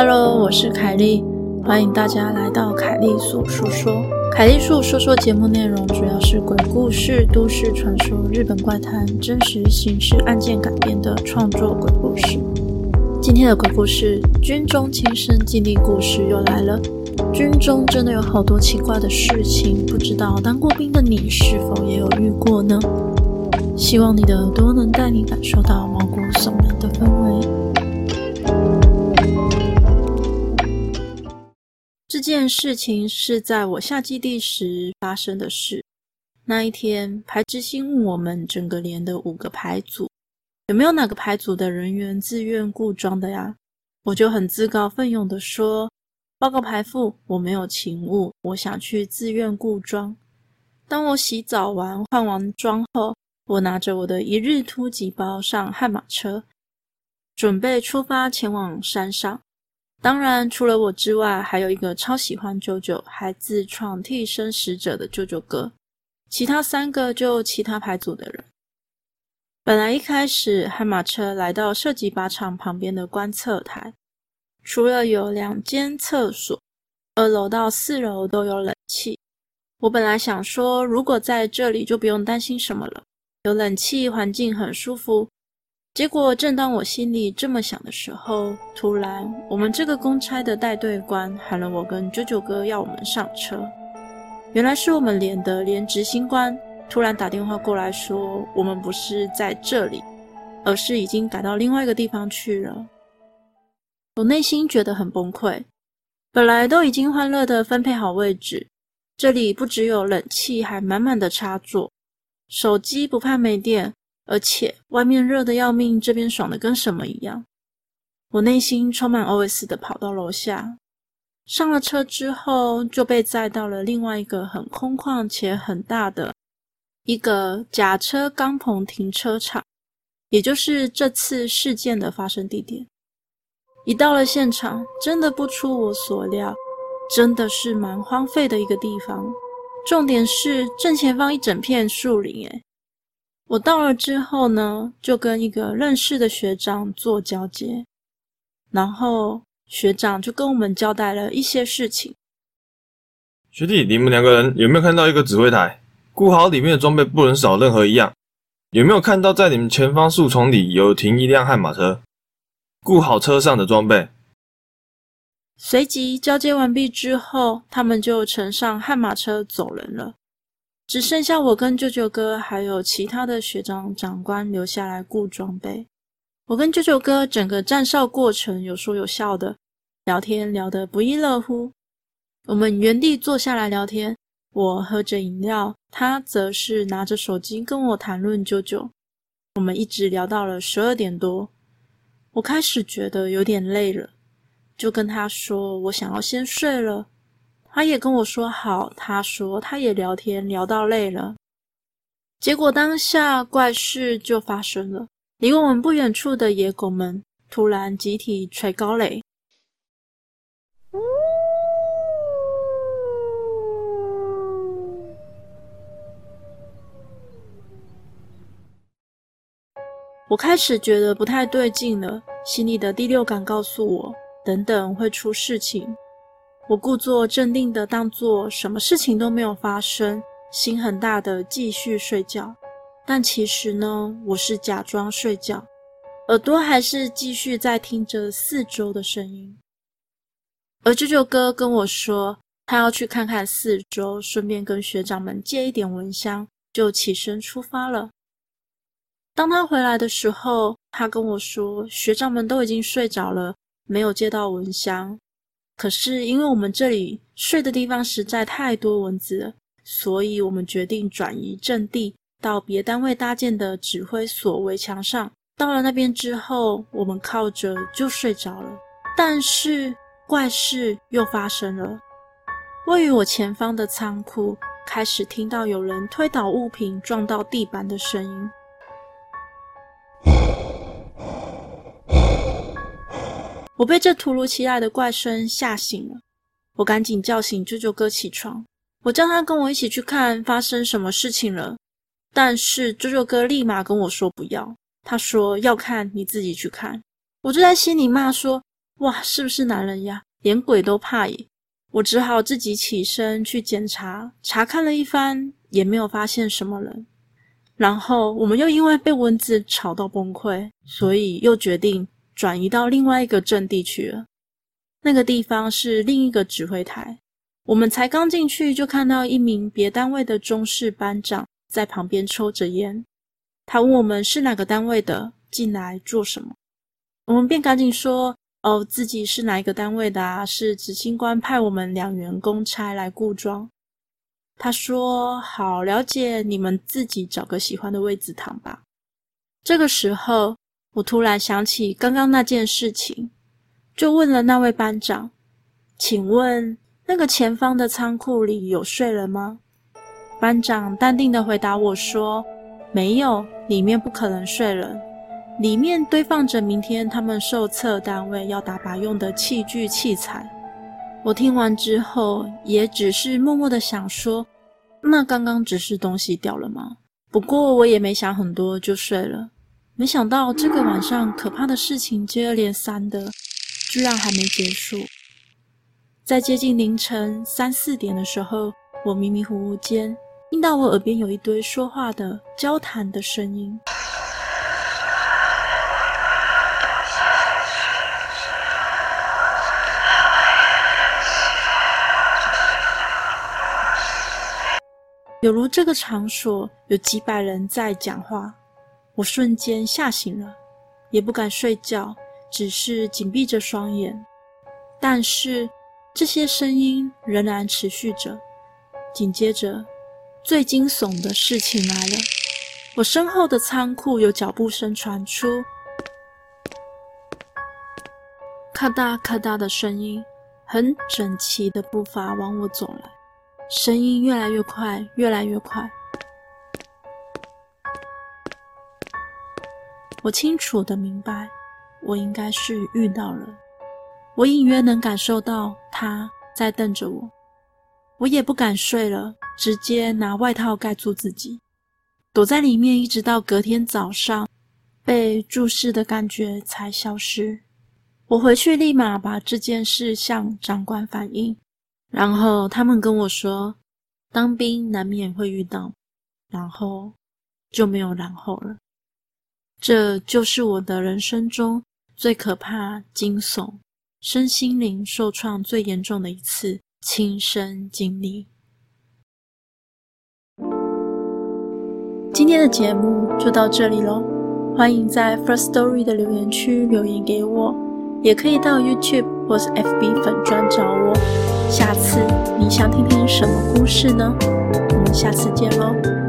哈嘍，Hello, 我是凱莉，歡迎大家來到凱莉粟說說。凱莉粟說說節目內容主要是鬼故事、都市傳說、日本怪談、真實刑事案件改編的創作鬼故事。今天的鬼故事《軍中親身經歷故事》又來了。軍中真的有好多奇怪的事情，不知道當過兵的你是否也有遇過呢？希望你的耳朵能帶你感受到毛骨悚然的氛圍。這件事情是在我下基地時發生的事。那一天，排值星問我們整個連的五個排組，有沒有哪個排組的人員自願顧裝的呀？我就很自告奮勇地說：“報告排副，我沒有勤務，我想去自願顧裝。”當我洗澡完，換完裝後，我拿着我的一日突擊包上悍馬車，準備出發前往山上。當然，除了我之外，還有一個超喜歡 JoJo 還自創替身使者的 JoJo 哥，其他三個就其他排組的人。本來一開始，悍馬車來到射擊靶場旁邊的觀測台，除了有兩間廁所，二樓到四樓都有冷氣。我本來想說，如果在這裡就不用擔心什麼了，有冷氣，環境很舒服。結果，正當我心裡這麼想的時候，突然，我們這個公差的帶隊官喊了我跟九九哥，要我們上車。原來是我們連的連執行官突然打電話過來說，我們不是在這裡，而是已經改到另外一個地方去了。我內心覺得很崩潰，本來都已經歡樂的分配好位置，這裡不只有冷氣，還滿滿的插座，手機不怕沒電。而且外面熱得要命，這邊爽得跟什麼一樣。我內心充滿 OS 的跑到樓下，上了車之後就被載到了另外一個很空曠且很大的一個甲車鋼棚停車場，也就是這次事件的發生地點。一到了現場，真的不出我所料，真的是蠻荒廢的一個地方。重點是正前方一整片樹林、欸，誒。我到了之後呢，就跟一個認識的學長做交接，然後學長就跟我們交代了一些事情。學弟，你們兩個人有沒有看到一個指揮台？顧好裡面的裝備，不能少任何一樣。有沒有看到在你們前方樹叢裡有停一輛悍馬車？顧好車上的裝備。隨即交接完畢之後，他們就乘上悍馬車走人了。只剩下我跟舅舅哥，還有其他的學長長官留下來顧裝備。我跟舅舅哥整個站哨過程有說有笑的聊天，聊得不亦樂乎。我們原地坐下來聊天，我喝着飲料，他則是拿着手機跟我談論舅舅。我們一直聊到了十二點多，我開始覺得有點累了，就跟他說我想要先睡了。他也跟我說好，他說他也聊天聊到累了，結果當下怪事就發生了。離我們不遠處的野狗們突然集體吹狗螺，嗯、我開始覺得不太對勁了，心裡的第六感告訴我，等等會出事情。我故作鎮定的當做什麼事情都沒有發生，心很大的繼續睡覺，但其實呢，我是假裝睡覺，耳朵還是繼續在聽着四周的聲音。而舅舅哥跟我說，他要去看看四周，順便跟學長們借一點蚊香，就起身出發了。當他回來的時候，他跟我說，學長們都已經睡着了，沒有借到蚊香。可是，因為我們這裡睡的地方實在太多蚊子了，所以我們決定轉移陣地到別單位搭建的指揮所圍牆上。到了那邊之後，我們靠着就睡着了。但是，怪事又發生了。位於我前方的倉庫開始聽到有人推倒物品撞到地板的聲音。我被這突如其來的怪聲嚇醒了，我趕緊叫醒舅舅哥起床，我叫他跟我一起去看發生什麼事情了。但是舅舅哥立馬跟我說不要，他說要看你自己去看。我就在心裡罵說：哇，是不是男人呀？連鬼都怕耶！」我只好自己起身去檢查查看了一番，也沒有發現什麼人。然後我們又因為被蚊子吵到崩潰，所以又決定。轉移到另外一個陣地去了。那個地方是另一個指揮台。我們才剛進去，就看到一名別單位的中士班長在旁邊抽着煙。他問我們是哪個單位的，進來做什麼？我們便趕緊說：“哦，自己是哪一個單位的啊？是執行官派我們兩員公差來顧裝。”他說：“好，了解。你們自己找個喜歡的位置躺吧。”這個時候。我突然想起剛剛那件事情，就問了那位班長：“請問那個前方的倉庫裡有睡人嗎？”班長淡定的回答我說：“沒有，裡面不可能睡人，裡面堆放着明天他們受測單位要打靶用的器具器材。”我聽完之後，也只是默默的想說：“那剛剛只是東西掉了嗎？”不過我也沒想很多，就睡了。沒想到這個晚上可怕的事情接二連三的，居然還沒結束。在接近凌晨三四點的時候，我迷迷糊糊間聽到我耳邊有一堆說話的、交談的聲音，有如這個場所有幾百人在講話。我瞬間嚇醒了，也不敢睡覺，只是緊閉着雙眼。但是這些聲音仍然持續着。緊接着，最驚悚的事情來了。我身後的倉庫有腳步聲傳出，咔噠咔噠的聲音，很整齊的步伐往我走來，聲音越來越快，越來越快。我清楚地明白，我應該是遇到了。我隱約能感受到他在瞪着我，我也不敢睡了，直接拿外套蓋住自己，躲在裡面，一直到隔天早上，被注視的感覺才消失。我回去立馬把這件事向長官反映，然後他們跟我說，當兵難免會遇到，然後就沒有然後了。這就是我的人生中最可怕、驚悚、身心靈受創最嚴重的一次親身經歷。今天的節目就到這裡嘍，歡迎在 First Story 的留言區留言給我，也可以到 YouTube 或是 FB 粉專找我。下次你想聽聽什麼故事呢？我們下次見嘍！